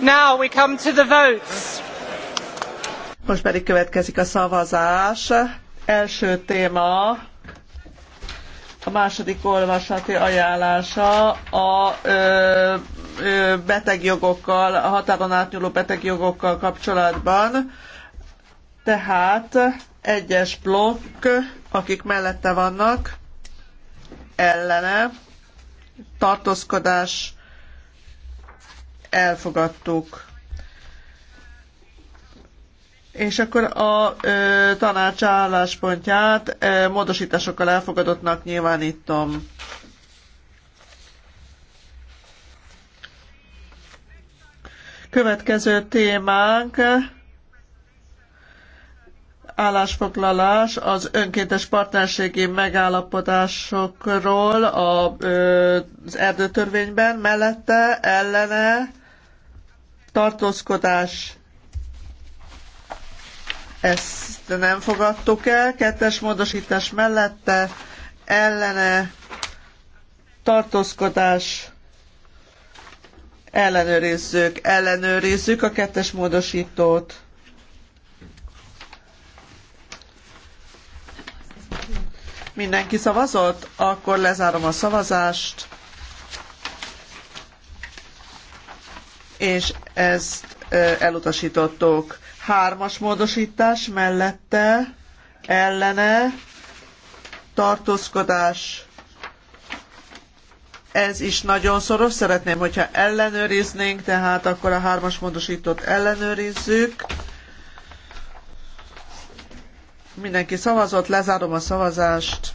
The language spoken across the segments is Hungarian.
Now we come to the votes. Most pedig következik a szavazás. Első téma a második olvasati ajánlása a ö, ö, betegjogokkal, a határon átnyúló betegjogokkal kapcsolatban. Tehát egyes blokk, akik mellette vannak, ellene, tartózkodás, elfogadtuk. És akkor a ö, tanács álláspontját ö, módosításokkal elfogadottnak nyilvánítom. Következő témánk állásfoglalás az önkéntes partnerségi megállapodásokról az erdőtörvényben, mellette, ellene tartózkodás, ezt nem fogadtuk el, kettes módosítás mellette, ellene, tartózkodás, ellenőrizzük, ellenőrizzük a kettes módosítót. Mindenki szavazott? Akkor lezárom a szavazást. és ezt elutasítottuk. Hármas módosítás mellette ellene tartózkodás. Ez is nagyon szoros. Szeretném, hogyha ellenőriznénk, tehát akkor a hármas módosítót ellenőrizzük. Mindenki szavazott, lezárom a szavazást.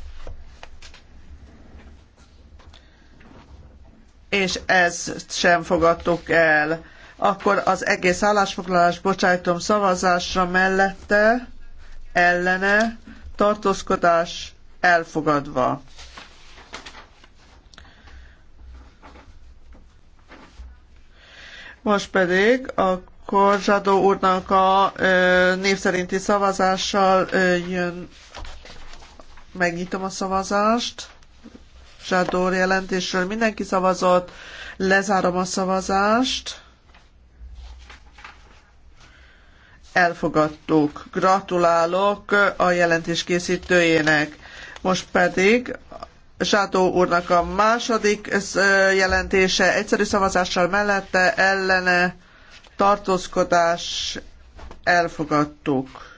és ezt sem fogadtuk el. Akkor az egész állásfoglalás bocsájtom szavazásra mellette, ellene, tartózkodás elfogadva. Most pedig akkor Korzsadó úrnak a ö, név szerinti szavazással ö, jön. Megnyitom a szavazást. Zsador jelentésről mindenki szavazott, lezárom a szavazást. Elfogadtuk. Gratulálok a jelentés készítőjének. Most pedig Zsátó úrnak a második jelentése egyszerű szavazással mellette ellene tartózkodás elfogadtuk.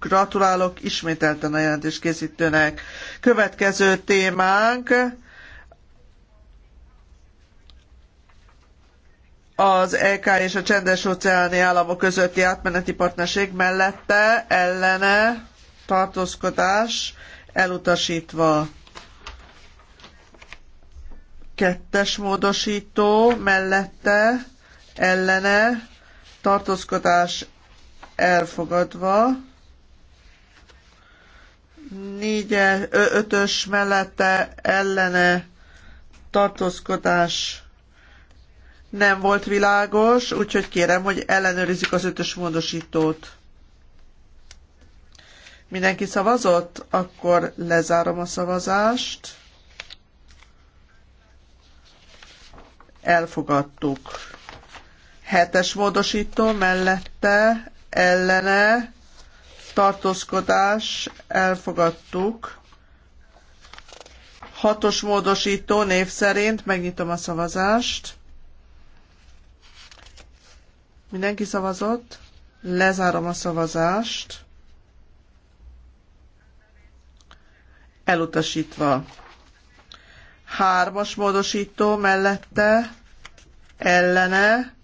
Gratulálok ismételten a jelentés készítőnek. Következő témánk az EK és a csendes óceáni államok közötti átmeneti partnerség mellette ellene tartózkodás elutasítva. Kettes módosító mellette ellene tartózkodás elfogadva négyes, ötös mellette ellene tartózkodás nem volt világos, úgyhogy kérem, hogy ellenőrizzük az ötös módosítót. Mindenki szavazott? Akkor lezárom a szavazást. Elfogadtuk. Hetes módosító mellette, ellene, tartózkodás, elfogadtuk. Hatos módosító név szerint megnyitom a szavazást. Mindenki szavazott? Lezárom a szavazást. Elutasítva. Hármas módosító mellette, ellene,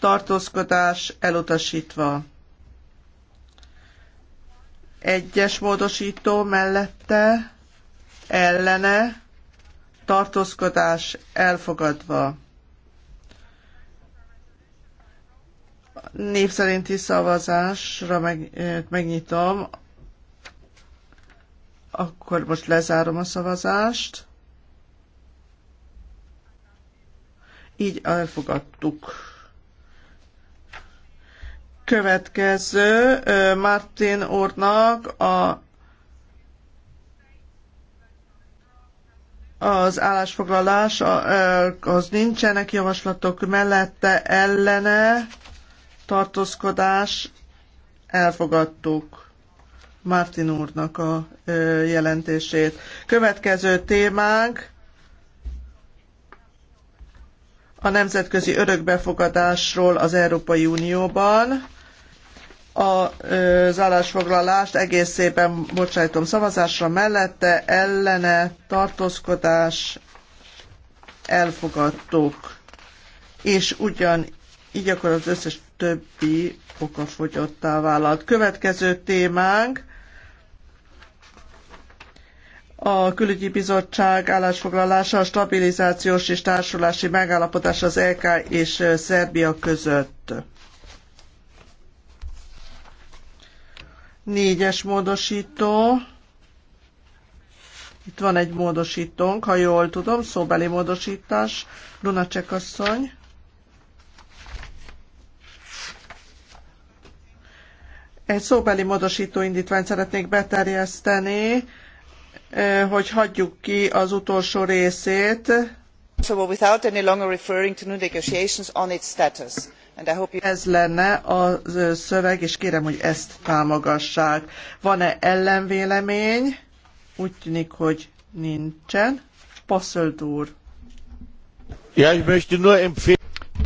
tartózkodás elutasítva. Egyes módosító mellette ellene tartózkodás elfogadva. Név szerinti szavazásra meg, eh, megnyitom. Akkor most lezárom a szavazást. Így elfogadtuk következő Martin úrnak a az állásfoglalás, az nincsenek javaslatok mellette ellene tartózkodás elfogadtuk. Martin úrnak a jelentését. Következő témánk a nemzetközi örökbefogadásról az Európai Unióban az állásfoglalást egészében bocsájtom szavazásra mellette, ellene tartózkodás elfogadtuk. És ugyan így akkor az összes többi okafogyottá vállalt. Következő témánk a külügyi bizottság állásfoglalása a stabilizációs és társulási megállapodás az EK és Szerbia között. Négyes módosító. Itt van egy módosítónk, ha jól tudom, szóbeli módosítás. Luna Csekasszony. Egy szóbeli módosító indítványt szeretnék beterjeszteni, hogy hagyjuk ki az utolsó részét. So without any longer referring to new negotiations on its status ez lenne a szöveg, és kérem, hogy ezt támogassák. Van-e ellenvélemény? Úgy tűnik, hogy nincsen. Passzöld úr. Ja, ich möchte nur empfehlen.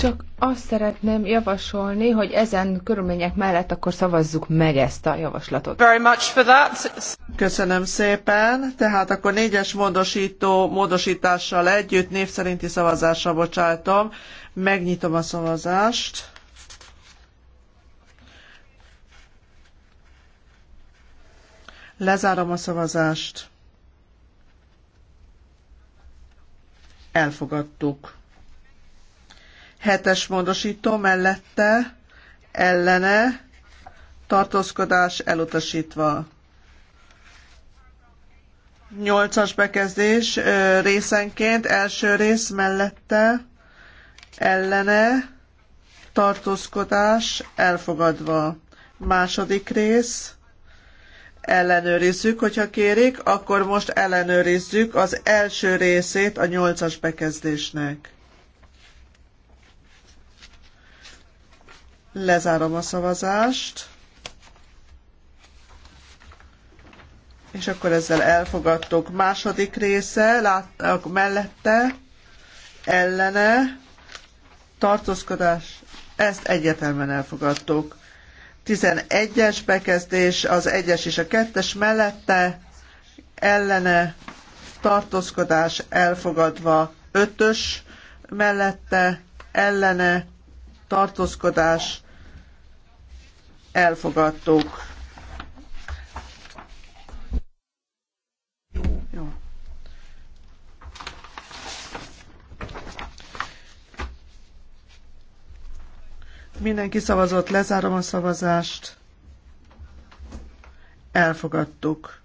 Csak azt szeretném javasolni, hogy ezen körülmények mellett akkor szavazzuk meg ezt a javaslatot. Very much for that. Köszönöm szépen. Tehát akkor négyes módosító módosítással együtt név szerinti szavazásra bocsátom. Megnyitom a szavazást. Lezárom a szavazást. Elfogadtuk. Hetes módosító mellette ellene tartózkodás elutasítva. Nyolcas bekezdés részenként első rész mellette ellene tartózkodás elfogadva. Második rész ellenőrizzük, hogyha kérik, akkor most ellenőrizzük az első részét a nyolcas bekezdésnek. Lezárom a szavazást. És akkor ezzel elfogadtok. Második része, lát, mellette, ellene, tartózkodás, ezt egyetemben elfogadtok. 11-es bekezdés, az 1-es és a 2-es mellette, ellene, tartózkodás elfogadva, 5-ös mellette, ellene, tartózkodás elfogadtuk. Jó. Jó. Mindenki szavazott, lezárom a szavazást. Elfogadtuk.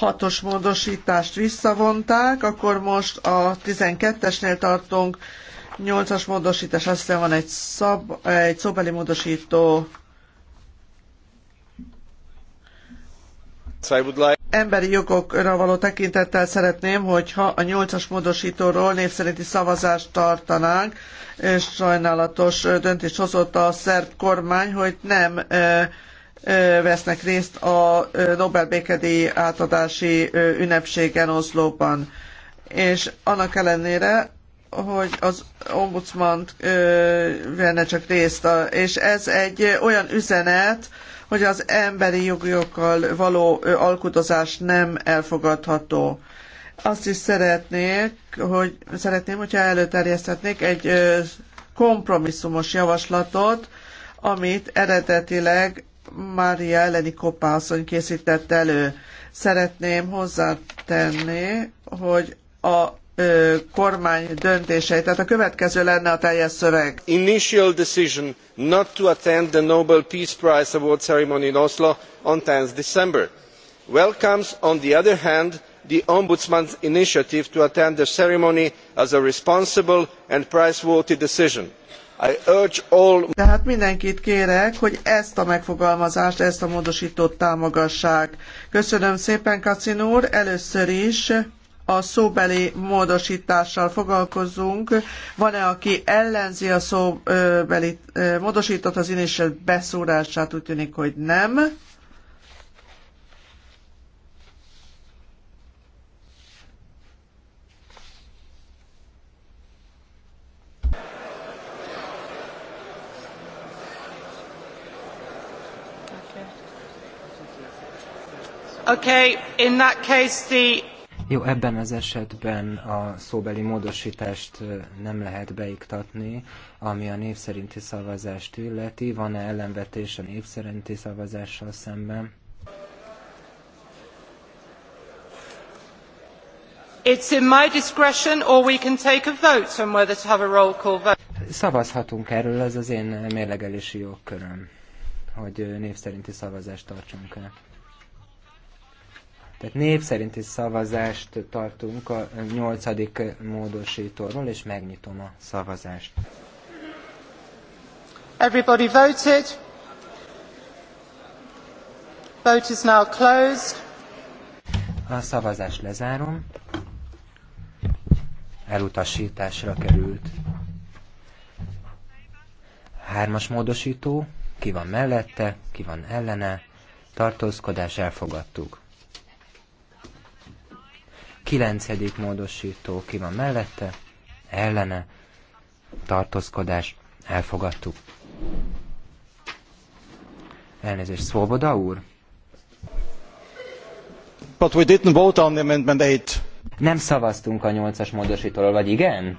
6-os módosítást visszavonták, akkor most a 12-esnél tartunk, 8-as módosítás, azt hiszem van egy, szab, egy szóbeli módosító. Emberi jogokra való tekintettel szeretném, hogyha a 8-as módosítóról népszerinti szavazást tartanánk, és sajnálatos döntést hozott a szerb kormány, hogy nem vesznek részt a Nobel békedíj átadási ünnepségen Oszlóban. És annak ellenére, hogy az ombudsman venne csak részt, a, és ez egy olyan üzenet, hogy az emberi jogokkal való alkudozás nem elfogadható. Azt is szeretnék, hogy szeretném, hogyha előterjeszthetnék egy kompromisszumos javaslatot, amit eredetileg Mária Eleni Koppá asszony készített elő. Szeretném hozzátenni, hogy a ö, kormány döntései, tehát a következő lenne a teljes szöveg. Initial decision not to attend the Nobel Peace Prize Award ceremony in Oslo on 10 December. Welcomes, on the other hand, the Ombudsman's initiative to attend the ceremony as a responsible and prize-worthy decision tehát mindenkit kérek, hogy ezt a megfogalmazást, ezt a módosítót támogassák. Köszönöm szépen, Kacin úr. Először is a szóbeli módosítással foglalkozunk. Van-e, aki ellenzi a szóbeli módosított az inésel beszúrását? Úgy tűnik, hogy nem. Okay, in that case the... Jó, ebben az esetben a szóbeli módosítást nem lehet beiktatni, ami a név szerinti szavazást illeti. Van-e ellenvetés a név szerinti szavazással szemben? It's in my discretion, or we can take a vote on whether to have a roll call vote. Szavazhatunk erről, ez az én mérlegelési jogköröm, hogy név szerinti szavazást tartsunk el. Tehát név szerinti szavazást tartunk a nyolcadik módosítóról, és megnyitom a szavazást. Everybody voted. Vote is now closed. A szavazást lezárom. Elutasításra került. Hármas módosító, ki van mellette, ki van ellene, tartózkodás elfogadtuk. Kilencedik módosító ki van mellette, ellene, tartózkodás, elfogadtuk. Elnézést, Szvoboda úr? But we didn't vote on the amendment 8. Nem szavaztunk a nyolcas módosítóról, vagy igen?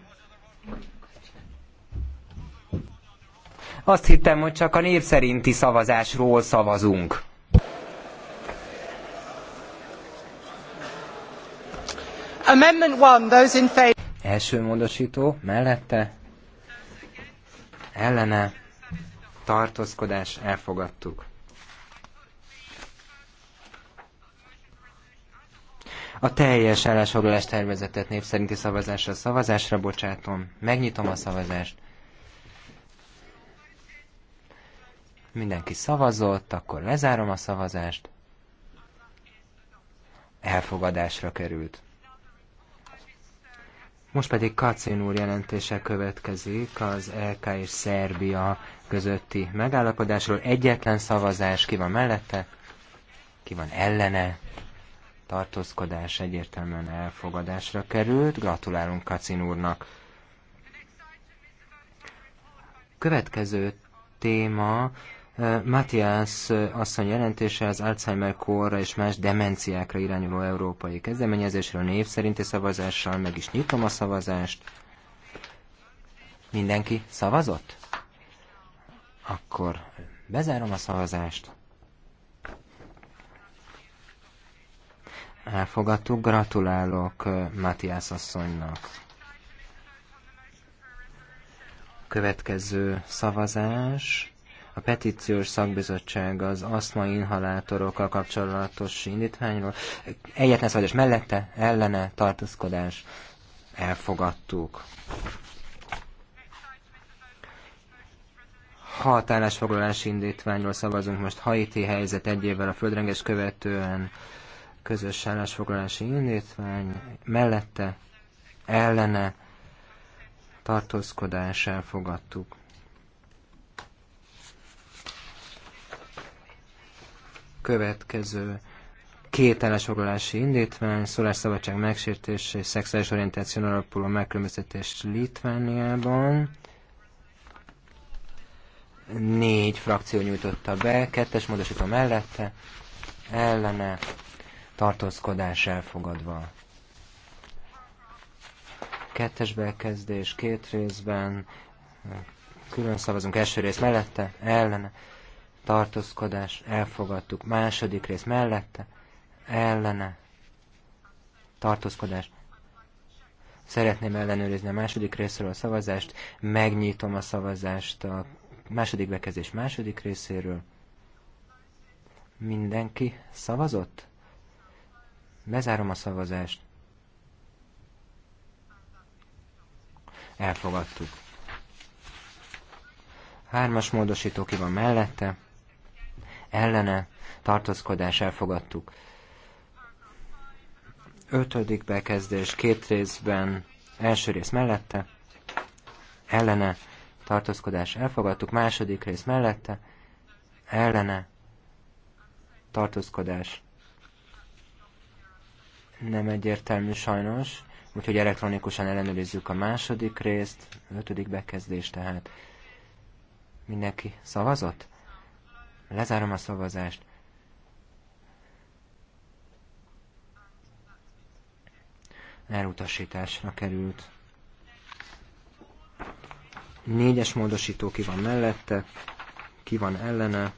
Azt hittem, hogy csak a név szerinti szavazásról szavazunk. Amendment one, those in favor. Első módosító, mellette, ellene, tartózkodás, elfogadtuk. A teljes állásfoglalás tervezetet népszerinti szavazásra szavazásra bocsátom. Megnyitom a szavazást. Mindenki szavazott, akkor lezárom a szavazást. Elfogadásra került. Most pedig Kacin úr jelentése következik az LK és Szerbia közötti megállapodásról. Egyetlen szavazás, ki van mellette, ki van ellene, tartózkodás egyértelműen elfogadásra került. Gratulálunk Kacin úrnak. Következő téma Eh, Matthias eh, asszony jelentése az Alzheimer korra és más demenciákra irányuló európai kezdeményezésről név szerinti szavazással, meg is nyitom a szavazást. Mindenki szavazott? Akkor bezárom a szavazást. Elfogadtuk, gratulálok eh, Matthias asszonynak. Következő szavazás a petíciós szakbizottság az aszma inhalátorokkal kapcsolatos indítványról. Egyetlen szabályos mellette, ellene, tartózkodás, elfogadtuk. Hat állásfoglalási indítványról szavazunk most Haiti helyzet egy évvel a földrengés követően közös állásfoglalási indítvány, mellette, ellene, tartózkodás elfogadtuk. következő két elesorolási indítvány, szólásszabadság megsértés és szexuális orientáció alapuló megkülönböztetés Litvániában. Négy frakció nyújtotta be, kettes módosító mellette, ellene, tartózkodás elfogadva. Kettes bekezdés két részben, külön szavazunk első rész mellette, ellene, tartózkodás, elfogadtuk. Második rész mellette, ellene, tartózkodás. Szeretném ellenőrizni a második részről a szavazást, megnyitom a szavazást a második bekezdés második részéről. Mindenki szavazott? Bezárom a szavazást. Elfogadtuk. Hármas módosító ki van mellette ellene tartózkodás elfogadtuk. Ötödik bekezdés két részben, első rész mellette, ellene tartózkodás elfogadtuk, második rész mellette, ellene tartózkodás nem egyértelmű sajnos, úgyhogy elektronikusan ellenőrizzük a második részt, ötödik bekezdés tehát. Mindenki szavazott? Lezárom a szavazást. Elutasításra került. Négyes módosító ki van mellette, ki van ellene,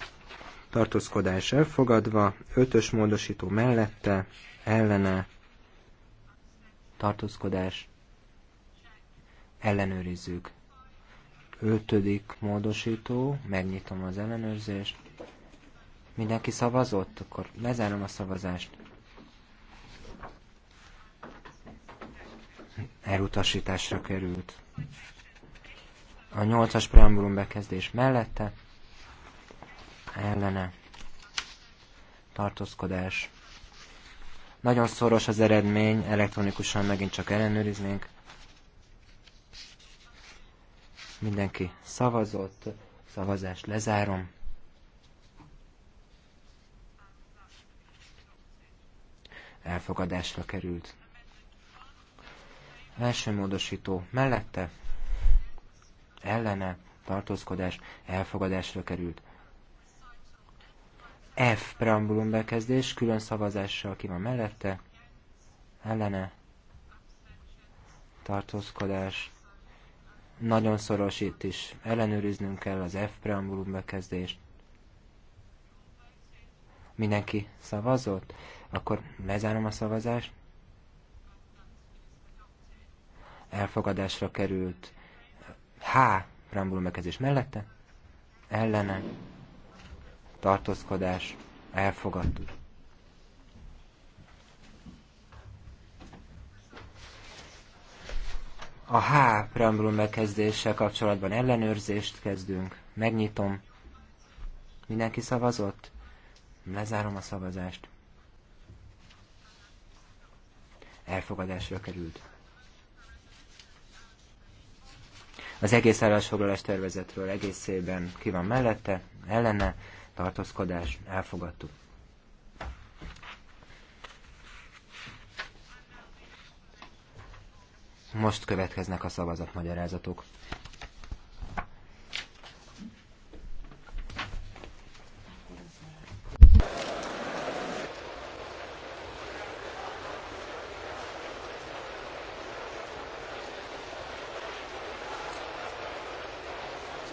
tartózkodás elfogadva, ötös módosító mellette, ellene, tartózkodás, ellenőrizzük. Ötödik módosító, megnyitom az ellenőrzést. Mindenki szavazott? Akkor lezárom a szavazást. Elutasításra került. A nyolcas preambulum bekezdés mellette. Ellene. Tartózkodás. Nagyon szoros az eredmény, elektronikusan megint csak ellenőriznénk. Mindenki szavazott, szavazást lezárom. elfogadásra került. Első módosító mellette, ellene, tartózkodás, elfogadásra került. F preambulum bekezdés, külön szavazással ki van mellette, ellene, tartózkodás, nagyon szoros itt is ellenőriznünk kell az F preambulum bekezdést. Mindenki szavazott? Akkor lezárom a szavazást. Elfogadásra került H. Rambul megkezdés mellette. Ellene. Tartózkodás. Elfogadtuk. A H preambulum megkezdéssel kapcsolatban ellenőrzést kezdünk. Megnyitom. Mindenki szavazott? Lezárom a szavazást. Elfogadásra került. Az egész állásfoglalás tervezetről egészében ki van mellette, ellene, tartózkodás, elfogadtuk. Most következnek a szavazatmagyarázatok.